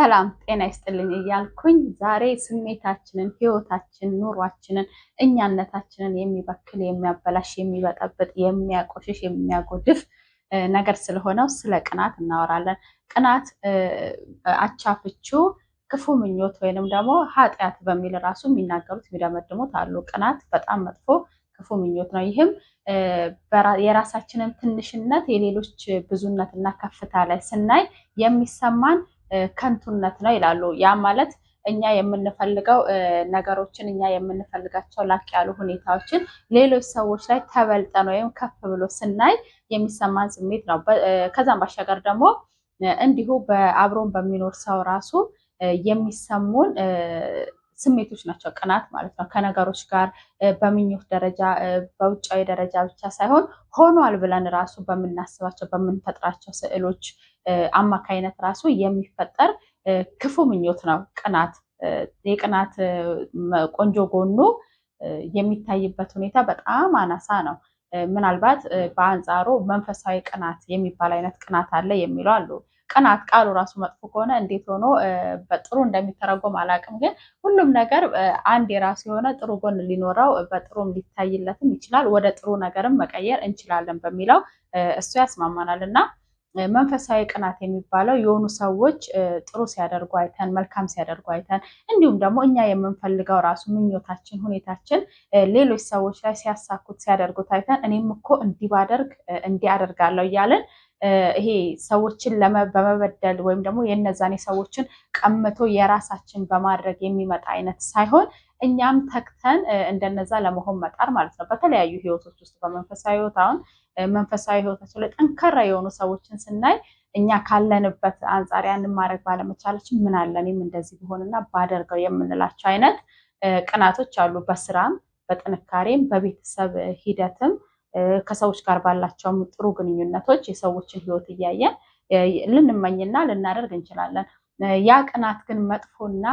ሰላም ጤና ይስጥልኝ እያልኩኝ ዛሬ ስሜታችንን፣ ህይወታችንን፣ ኑሯችንን፣ እኛነታችንን የሚበክል የሚያበላሽ፣ የሚበጠብጥ፣ የሚያቆሽሽ፣ የሚያጎድፍ ነገር ስለሆነው ስለ ቅናት እናወራለን። ቅናት አቻፍቹ ክፉ ምኞት ወይንም ደግሞ ኃጢአት በሚል ራሱ የሚናገሩት የሚደመድሙት አሉ። ቅናት በጣም መጥፎ ክፉ ምኞት ነው። ይህም የራሳችንን ትንሽነት የሌሎች ብዙነትና ከፍታ ላይ ስናይ የሚሰማን ከንቱነት ነው ይላሉ። ያ ማለት እኛ የምንፈልገው ነገሮችን እኛ የምንፈልጋቸው ላቅ ያሉ ሁኔታዎችን ሌሎች ሰዎች ላይ ተበልጠን ወይም ከፍ ብሎ ስናይ የሚሰማን ስሜት ነው። ከዛም ባሻገር ደግሞ እንዲሁ በአብሮን በሚኖር ሰው ራሱ የሚሰሙን ስሜቶች ናቸው። ቅናት ማለት ነው። ከነገሮች ጋር በምኞት ደረጃ በውጫዊ ደረጃ ብቻ ሳይሆን ሆኗል ብለን ራሱ በምናስባቸው በምንፈጥራቸው ስዕሎች አማካይነት ራሱ የሚፈጠር ክፉ ምኞት ነው። ቅናት የቅናት ቆንጆ ጎኑ የሚታይበት ሁኔታ በጣም አናሳ ነው። ምናልባት በአንጻሩ መንፈሳዊ ቅናት የሚባል አይነት ቅናት አለ የሚለው አሉ። ቅናት ቃሉ ራሱ መጥፎ ከሆነ እንዴት ሆኖ በጥሩ እንደሚተረጎም አላውቅም። ግን ሁሉም ነገር አንድ የራሱ የሆነ ጥሩ ጎን ሊኖረው በጥሩም ሊታይለትም ይችላል። ወደ ጥሩ ነገርም መቀየር እንችላለን በሚለው እሱ ያስማማናል እና መንፈሳዊ ቅናት የሚባለው የሆኑ ሰዎች ጥሩ ሲያደርጉ አይተን መልካም ሲያደርጉ አይተን እንዲሁም ደግሞ እኛ የምንፈልገው ራሱ ምኞታችን፣ ሁኔታችን ሌሎች ሰዎች ላይ ሲያሳኩት ሲያደርጉት አይተን እኔም እኮ እንዲህ ባደርግ እንዲህ አደርጋለሁ እያለን ይሄ ሰዎችን በመበደል ወይም ደግሞ የነዛን ሰዎችን ቀምቶ የራሳችን በማድረግ የሚመጣ አይነት ሳይሆን እኛም ተክተን እንደነዛ ለመሆን መጣር ማለት ነው። በተለያዩ ህይወቶች ውስጥ በመንፈሳዊ ህይወት አሁን መንፈሳዊ ህይወታቸው ላይ ጠንካራ የሆኑ ሰዎችን ስናይ እኛ ካለንበት አንጻር ያንን ማድረግ ባለመቻላችን ምን አለ እኔም እንደዚህ ቢሆንና ባደርገው የምንላቸው አይነት ቅናቶች አሉ። በስራም በጥንካሬም በቤተሰብ ሂደትም ከሰዎች ጋር ባላቸውም ጥሩ ግንኙነቶች የሰዎችን ህይወት እያየን ልንመኝና ልናደርግ እንችላለን። ያ ቅናት ግን መጥፎና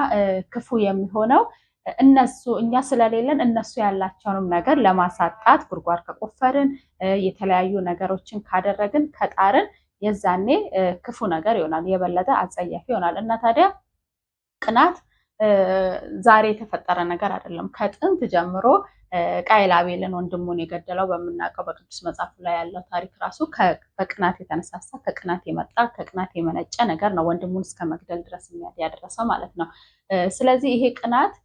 ክፉ የሚሆነው እነሱ እኛ ስለሌለን እነሱ ያላቸውንም ነገር ለማሳጣት ጉድጓድ ከቆፈርን የተለያዩ ነገሮችን ካደረግን ከጣርን የዛኔ ክፉ ነገር ይሆናል፣ የበለጠ አጸያፊ ይሆናል። እና ታዲያ ቅናት ዛሬ የተፈጠረ ነገር አይደለም። ከጥንት ጀምሮ ቃየል አቤልን ወንድሙን የገደለው በምናውቀው በቅዱስ መጽሐፉ ላይ ያለው ታሪክ ራሱ በቅናት የተነሳሳ ከቅናት የመጣ ከቅናት የመነጨ ነገር ነው። ወንድሙን እስከ መግደል ድረስ ያደረሰው ማለት ነው። ስለዚህ ይሄ ቅናት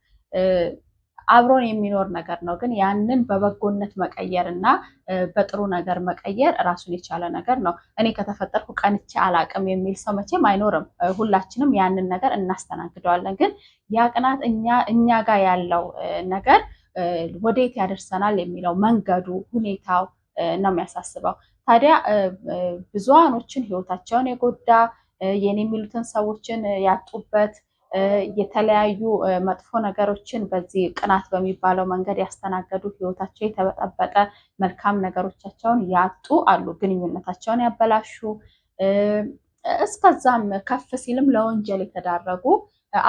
አብሮን የሚኖር ነገር ነው። ግን ያንን በበጎነት መቀየር እና በጥሩ ነገር መቀየር ራሱን የቻለ ነገር ነው። እኔ ከተፈጠርኩ ቀንቼ አላቅም የሚል ሰው መቼም አይኖርም። ሁላችንም ያንን ነገር እናስተናግደዋለን። ግን ያ ቅናት እኛ ጋር ያለው ነገር ወዴት ያደርሰናል የሚለው መንገዱ፣ ሁኔታው ነው የሚያሳስበው። ታዲያ ብዙሃኖችን ህይወታቸውን የጎዳ የኔ የሚሉትን ሰዎችን ያጡበት የተለያዩ መጥፎ ነገሮችን በዚህ ቅናት በሚባለው መንገድ ያስተናገዱ ህይወታቸው የተበጠበጠ መልካም ነገሮቻቸውን ያጡ አሉ። ግንኙነታቸውን ያበላሹ እስከዛም ከፍ ሲልም ለወንጀል የተዳረጉ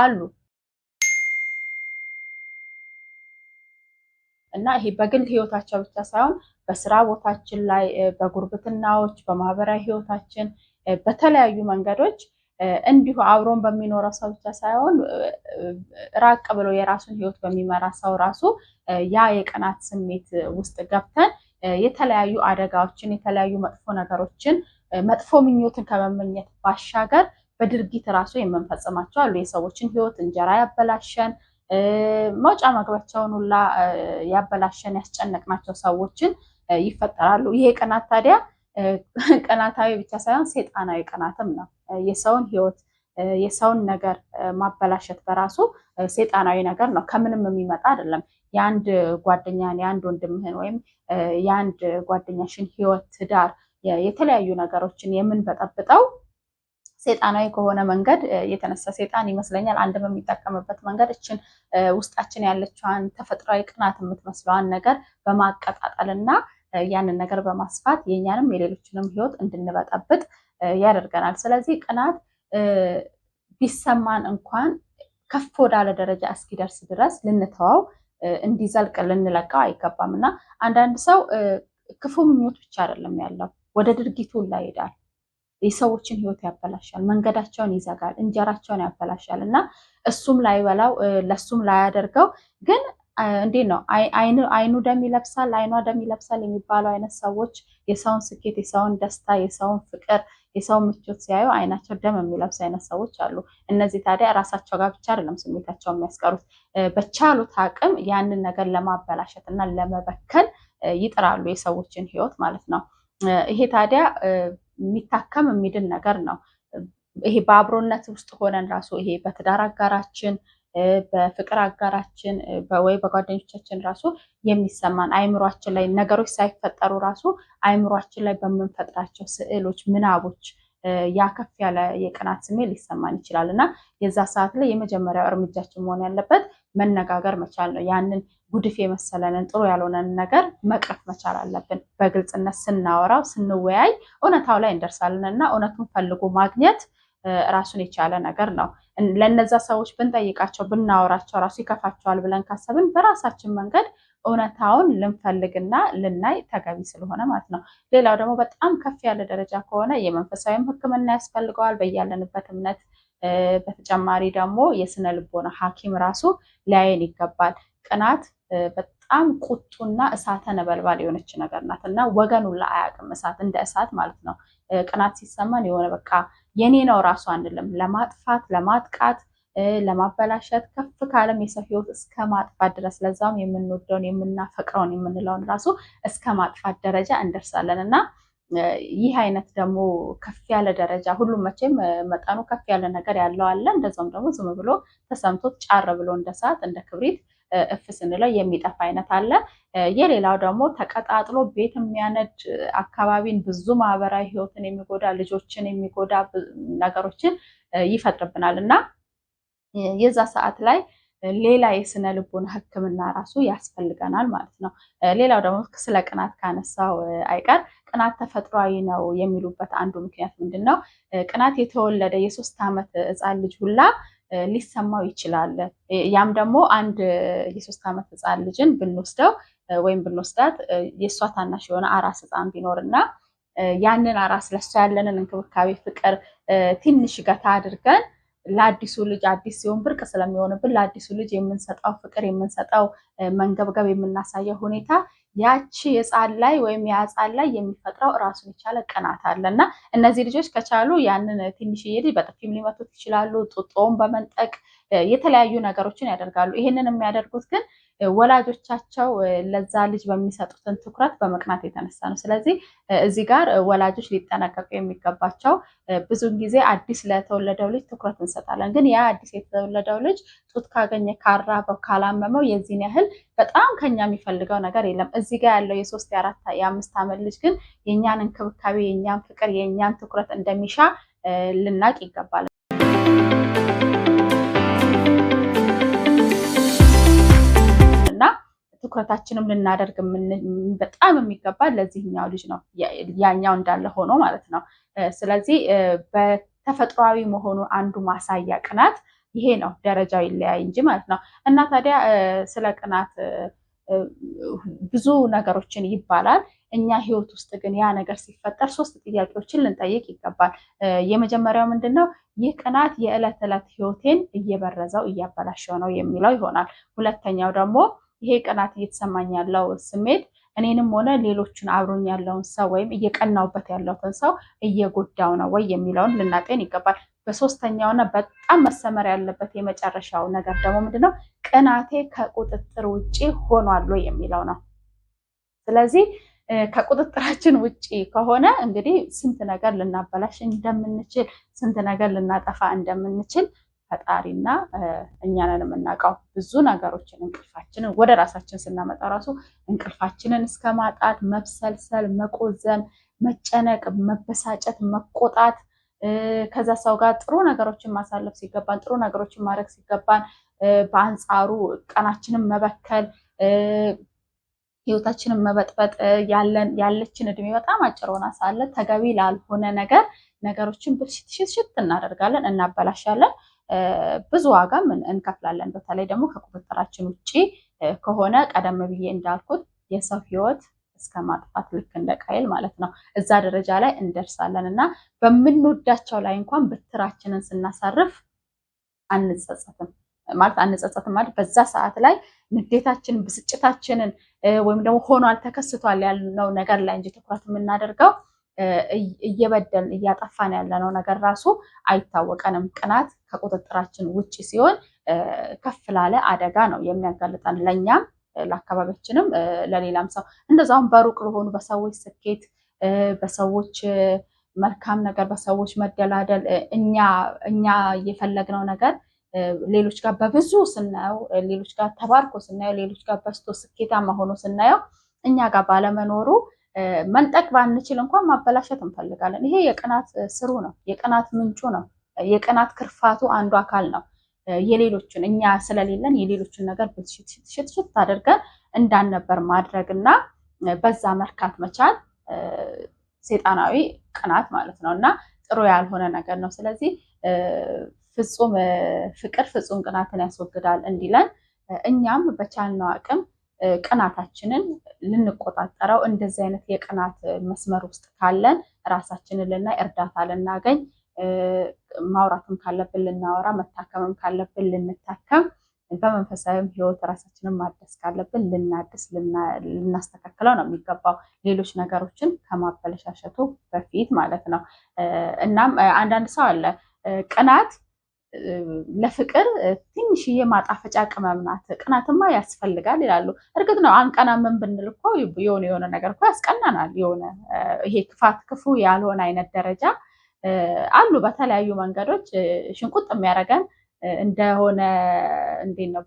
አሉ እና ይሄ በግል ህይወታቸው ብቻ ሳይሆን በስራ ቦታችን ላይ፣ በጉርብትናዎች፣ በማህበራዊ ህይወታችን በተለያዩ መንገዶች እንዲሁ አብሮን በሚኖረው ሰው ብቻ ሳይሆን ራቅ ብሎ የራሱን ህይወት በሚመራ ሰው ራሱ ያ የቅናት ስሜት ውስጥ ገብተን የተለያዩ አደጋዎችን የተለያዩ መጥፎ ነገሮችን መጥፎ ምኞትን ከመመኘት ባሻገር በድርጊት ራሱ የምንፈጽማቸው አሉ። የሰዎችን ህይወት እንጀራ ያበላሸን መውጫ መግባቸውን ሁላ ያበላሸን ያስጨነቅናቸው ሰዎችን ይፈጠራሉ። ይሄ ቅናት ታዲያ ቅናታዊ ብቻ ሳይሆን ሴጣናዊ ቅናትም ነው። የሰውን ህይወት የሰውን ነገር ማበላሸት በራሱ ሴጣናዊ ነገር ነው። ከምንም የሚመጣ አይደለም። የአንድ ጓደኛን የአንድ ወንድምህን ወይም የአንድ ጓደኛሽን ህይወት፣ ትዳር፣ የተለያዩ ነገሮችን የምንበጠብጠው ሴጣናዊ ከሆነ መንገድ የተነሳ ሴጣን ይመስለኛል አንድ በሚጠቀምበት መንገድ እችን ውስጣችን ያለችዋን ተፈጥሯዊ ቅናት የምትመስለዋን ነገር በማቀጣጠል እና ያንን ነገር በማስፋት የእኛንም የሌሎችንም ህይወት እንድንበጠብጥ ያደርገናል። ስለዚህ ቅናት ቢሰማን እንኳን ከፍ ወዳለ ደረጃ እስኪደርስ ድረስ ልንተዋው እንዲዘልቅ ልንለቀው አይገባም እና አንዳንድ ሰው ክፉ ምኞት ብቻ አይደለም ያለው፣ ወደ ድርጊቱ ላይ ይሄዳል። የሰዎችን ህይወት ያበላሻል፣ መንገዳቸውን ይዘጋል፣ እንጀራቸውን ያበላሻል እና እሱም ላይበላው ለሱም ላያደርገው ግን እንዴት ነው አይኑ ደም ይለብሳል፣ አይኗ ደም ይለብሳል የሚባለው አይነት ሰዎች የሰውን ስኬት፣ የሰውን ደስታ፣ የሰውን ፍቅር የሰው ምቾት ሲያዩ አይናቸው ደም የሚለብስ አይነት ሰዎች አሉ። እነዚህ ታዲያ ራሳቸው ጋር ብቻ አይደለም ስሜታቸው የሚያስቀሩት፣ በቻሉት አቅም ያንን ነገር ለማበላሸት እና ለመበከል ይጥራሉ፣ የሰዎችን ህይወት ማለት ነው። ይሄ ታዲያ የሚታከም የሚድን ነገር ነው። ይሄ በአብሮነት ውስጥ ሆነን ራሱ ይሄ በትዳር አጋራችን በፍቅር አጋራችን ወይ በጓደኞቻችን ራሱ የሚሰማን አይምሯችን ላይ ነገሮች ሳይፈጠሩ ራሱ አይምሯችን ላይ በምንፈጥራቸው ስዕሎች፣ ምናቦች ያ ከፍ ያለ የቅናት ስሜት ሊሰማን ይችላል እና የዛ ሰዓት ላይ የመጀመሪያው እርምጃችን መሆን ያለበት መነጋገር መቻል ነው። ያንን ጉድፍ የመሰለንን ጥሩ ያልሆነን ነገር መቅረፍ መቻል አለብን። በግልጽነት ስናወራው ስንወያይ እውነታው ላይ እንደርሳለን እና እውነቱን ፈልጎ ማግኘት ራሱን የቻለ ነገር ነው። ለነዛ ሰዎች ብንጠይቃቸው ብናወራቸው ራሱ ይከፋቸዋል ብለን ካሰብን በራሳችን መንገድ እውነታውን ልንፈልግና ልናይ ተገቢ ስለሆነ ማለት ነው። ሌላው ደግሞ በጣም ከፍ ያለ ደረጃ ከሆነ የመንፈሳዊም ሕክምና ያስፈልገዋል በያለንበት እምነት። በተጨማሪ ደግሞ የስነ ልቦና ሐኪም ራሱ ሊያየን ይገባል። ቅናት በጣም ቁጡና እሳተ ነበልባል የሆነች ነገር ናት እና ወገኑላ አያውቅም እሳት እንደ እሳት ማለት ነው። ቅናት ሲሰማን የሆነ በቃ የኔ ነው ራሱ አንልም። ለማጥፋት፣ ለማጥቃት፣ ለማበላሸት ከፍ ካለም የሰው ህይወት እስከ ማጥፋት ድረስ ለዛውም የምንወደውን የምናፈቅረውን የምንለውን ራሱ እስከ ማጥፋት ደረጃ እንደርሳለን እና ይህ አይነት ደግሞ ከፍ ያለ ደረጃ ሁሉም መቼም መጠኑ ከፍ ያለ ነገር ያለው አለ። እንደዛውም ደግሞ ዝም ብሎ ተሰምቶት ጫር ብሎ እንደ ሰዓት እንደ ክብሪት እፍ ስንለው የሚጠፋ አይነት አለ። የሌላው ደግሞ ተቀጣጥሎ ቤት የሚያነድ አካባቢን ብዙ ማህበራዊ ህይወትን የሚጎዳ ልጆችን የሚጎዳ ነገሮችን ይፈጥርብናል እና የዛ ሰዓት ላይ ሌላ የስነ ልቡን ህክምና ራሱ ያስፈልገናል ማለት ነው። ሌላው ደግሞ ስለ ቅናት ካነሳው አይቀር ቅናት ተፈጥሯዊ ነው የሚሉበት አንዱ ምክንያት ምንድን ነው? ቅናት የተወለደ የሶስት ዓመት ህፃን ልጅ ሁላ ሊሰማው ይችላል። ያም ደግሞ አንድ የሶስት ዓመት ህፃን ልጅን ብንወስደው ወይም ብንወስዳት የእሷ ታናሽ የሆነ አራስ ህፃን ቢኖርና ያንን አራስ ለሷ ያለንን እንክብካቤ፣ ፍቅር ትንሽ ገታ አድርገን ለአዲሱ ልጅ አዲስ ሲሆን ብርቅ ስለሚሆንብን ለአዲሱ ልጅ የምንሰጠው ፍቅር፣ የምንሰጠው መንገብገብ፣ የምናሳየው ሁኔታ ያቺ ህፃን ላይ ወይም የአጻል ላይ የሚፈጥረው ራሱን የቻለ ቅናት አለ እና እነዚህ ልጆች ከቻሉ ያንን ትንሽዬ ልጅ በጥፊም ሊመቱት ይችላሉ። ጡጦውን በመንጠቅ የተለያዩ ነገሮችን ያደርጋሉ። ይህንን የሚያደርጉት ግን ወላጆቻቸው ለዛ ልጅ በሚሰጡትን ትኩረት በመቅናት የተነሳ ነው። ስለዚህ እዚህ ጋር ወላጆች ሊጠነቀቁ የሚገባቸው ብዙን ጊዜ አዲስ ለተወለደው ልጅ ትኩረት እንሰጣለን፣ ግን ያ አዲስ የተወለደው ልጅ ጡት ካገኘ ካራበው፣ ካላመመው የዚህን ያህል በጣም ከኛ የሚፈልገው ነገር የለም። እዚህ ጋር ያለው የሶስት የአራት የአምስት ዓመት ልጅ ግን የእኛን እንክብካቤ፣ የእኛን ፍቅር፣ የእኛን ትኩረት እንደሚሻ ልናቅ ይገባል። ትኩረታችንም ልናደርግ በጣም የሚገባ ለዚህኛው ልጅ ነው። ያኛው እንዳለ ሆኖ ማለት ነው። ስለዚህ በተፈጥሯዊ መሆኑ አንዱ ማሳያ ቅናት ይሄ ነው። ደረጃው ይለያይ እንጂ ማለት ነው። እና ታዲያ ስለ ቅናት ብዙ ነገሮችን ይባላል። እኛ ህይወት ውስጥ ግን ያ ነገር ሲፈጠር ሶስት ጥያቄዎችን ልንጠይቅ ይገባል። የመጀመሪያው ምንድን ነው? ይህ ቅናት የዕለት ዕለት ህይወቴን እየበረዘው እያበላሸው ነው የሚለው ይሆናል። ሁለተኛው ደግሞ ይሄ ቅናት እየተሰማኝ ያለው ስሜት እኔንም ሆነ ሌሎችን አብሮኝ ያለውን ሰው ወይም እየቀናውበት ያለውን ሰው እየጎዳው ነው ወይ የሚለውን ልናጤን ይገባል። በሶስተኛውና በጣም መሰመር ያለበት የመጨረሻው ነገር ደግሞ ምንድነው? ቅናቴ ከቁጥጥር ውጭ ሆኗል ወይ የሚለው ነው። ስለዚህ ከቁጥጥራችን ውጭ ከሆነ እንግዲህ ስንት ነገር ልናበላሽ እንደምንችል፣ ስንት ነገር ልናጠፋ እንደምንችል ፈጣሪና እኛንን የምናውቀው ብዙ ነገሮችን እንቅልፋችንን ወደ ራሳችን ስናመጣ ራሱ እንቅልፋችንን እስከ ማጣት መብሰልሰል፣ መቆዘም፣ መጨነቅ፣ መበሳጨት፣ መቆጣት ከዛ ሰው ጋር ጥሩ ነገሮችን ማሳለፍ ሲገባን ጥሩ ነገሮችን ማድረግ ሲገባን በአንጻሩ ቀናችንን መበከል ህይወታችንን መበጥበጥ ያለችን እድሜ በጣም አጭር ሆና ሳለ ተገቢ ላልሆነ ነገር ነገሮችን ብልሽት ሽት እናደርጋለን፣ እናበላሻለን። ብዙ ዋጋ እንከፍላለን። በተለይ ደግሞ ከቁጥጥራችን ውጭ ከሆነ ቀደም ብዬ እንዳልኩት የሰው ህይወት እስከ ማጥፋት ልክ እንደ ቃይል ማለት ነው። እዛ ደረጃ ላይ እንደርሳለን እና በምንወዳቸው ላይ እንኳን ብትራችንን ስናሳርፍ አንጸጸትም ማለት አንጸጸትም ማለት በዛ ሰዓት ላይ ንዴታችን፣ ብስጭታችንን ወይም ደግሞ ሆኗል ተከስቷል ያልነው ነገር ላይ እንጂ ትኩረት የምናደርገው እየበደል እያጠፋን ያለነው ነገር ራሱ አይታወቀንም። ቅናት ከቁጥጥራችን ውጭ ሲሆን ከፍ ላለ አደጋ ነው የሚያጋልጠን ለእኛም ለአካባቢያችንም ለሌላም ሰው እንደዛውም በሩቅ ለሆኑ በሰዎች ስኬት፣ በሰዎች መልካም ነገር፣ በሰዎች መደላደል እኛ እየፈለግነው ነገር ሌሎች ጋር በብዙ ስናየው፣ ሌሎች ጋር ተባርኮ ስናየው፣ ሌሎች ጋር በስቶ ስኬታማ ሆኖ ስናየው እኛ ጋር ባለመኖሩ መንጠቅ ባንችል እንኳን ማበላሸት እንፈልጋለን። ይሄ የቅናት ስሩ ነው፣ የቅናት ምንጩ ነው፣ የቅናት ክርፋቱ አንዱ አካል ነው። የሌሎችን እኛ ስለሌለን የሌሎችን ነገር ብትሽትሽትሽት አድርገን እንዳንነበር ማድረግ እና በዛ መርካት መቻል ሴጣናዊ ቅናት ማለት ነው እና ጥሩ ያልሆነ ነገር ነው። ስለዚህ ፍጹም ፍቅር ፍጹም ቅናትን ያስወግዳል እንዲለን እኛም በቻልነው አቅም ቅናታችንን ልንቆጣጠረው እንደዚህ አይነት የቅናት መስመር ውስጥ ካለን ራሳችንን ልናይ እርዳታ ልናገኝ ማውራትም ካለብን ልናወራ መታከምም ካለብን ልንታከም በመንፈሳዊም ህይወት ራሳችንን ማደስ ካለብን ልናድስ ልናስተካክለው ነው የሚገባው፣ ሌሎች ነገሮችን ከማበለሻሸቱ በፊት ማለት ነው። እናም አንዳንድ ሰው አለ ቅናት ለፍቅር ትንሽዬ ማጣፈጫ ቅመም ናት። ቅናትማ ያስፈልጋል ይላሉ። እርግጥ ነው አንቀናምን ብንል እኮ የሆነ የሆነ ነገር እኮ ያስቀናናል። የሆነ ይሄ ክፋት ክፉ ያልሆነ አይነት ደረጃ አሉ። በተለያዩ መንገዶች ሽንቁጥ የሚያደርገን እንደሆነ እንዴ ነው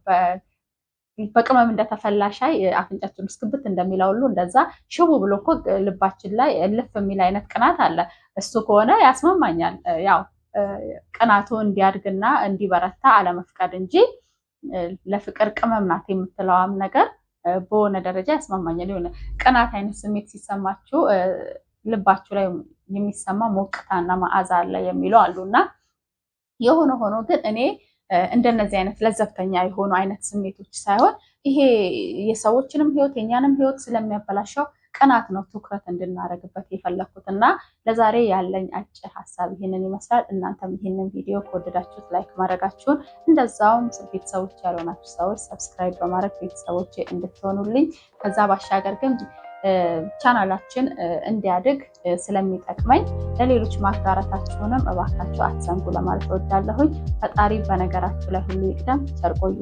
በቅመም እንደተፈላ ሻይ አፍንጫችን ውስጥ እንደሚለው ሁሉ እንደዛ ሽቡ ብሎ እኮ ልባችን ላይ ልፍ የሚል አይነት ቅናት አለ። እሱ ከሆነ ያስመማኛል ያው ቅናቱ እንዲያድግና እንዲበረታ አለመፍቀድ እንጂ ለፍቅር ቅመም ናት የምትለዋም ነገር በሆነ ደረጃ ያስማማኛል። የሆነ ቅናት አይነት ስሜት ሲሰማችሁ ልባችሁ ላይ የሚሰማ ሞቅታና መዓዛ አለ የሚለው አሉ እና የሆነ ሆኖ ግን እኔ እንደነዚህ አይነት ለዘብተኛ የሆኑ አይነት ስሜቶች ሳይሆን ይሄ የሰዎችንም ህይወት የኛንም ህይወት ስለሚያበላሸው ቅናት ነው ትኩረት እንድናደርግበት የፈለኩት እና ለዛሬ ያለኝ አጭር ሀሳብ ይህንን ይመስላል። እናንተም ይህንን ቪዲዮ ከወደዳችሁት ላይክ ማድረጋችሁን እንደዛውም ቤተሰቦች ያልሆናችሁ ሰዎች ሰብስክራይብ በማድረግ ቤተሰቦች እንድትሆኑልኝ ከዛ ባሻገር ግን ቻናላችን እንዲያድግ ስለሚጠቅመኝ ለሌሎች ማጋራታችሁንም እባካችሁ አትዘንጉ ለማለት እወዳለሁኝ። ፈጣሪ በነገራችሁ ላይ ሁሉ ይቅደም። ቸር ቆዩ።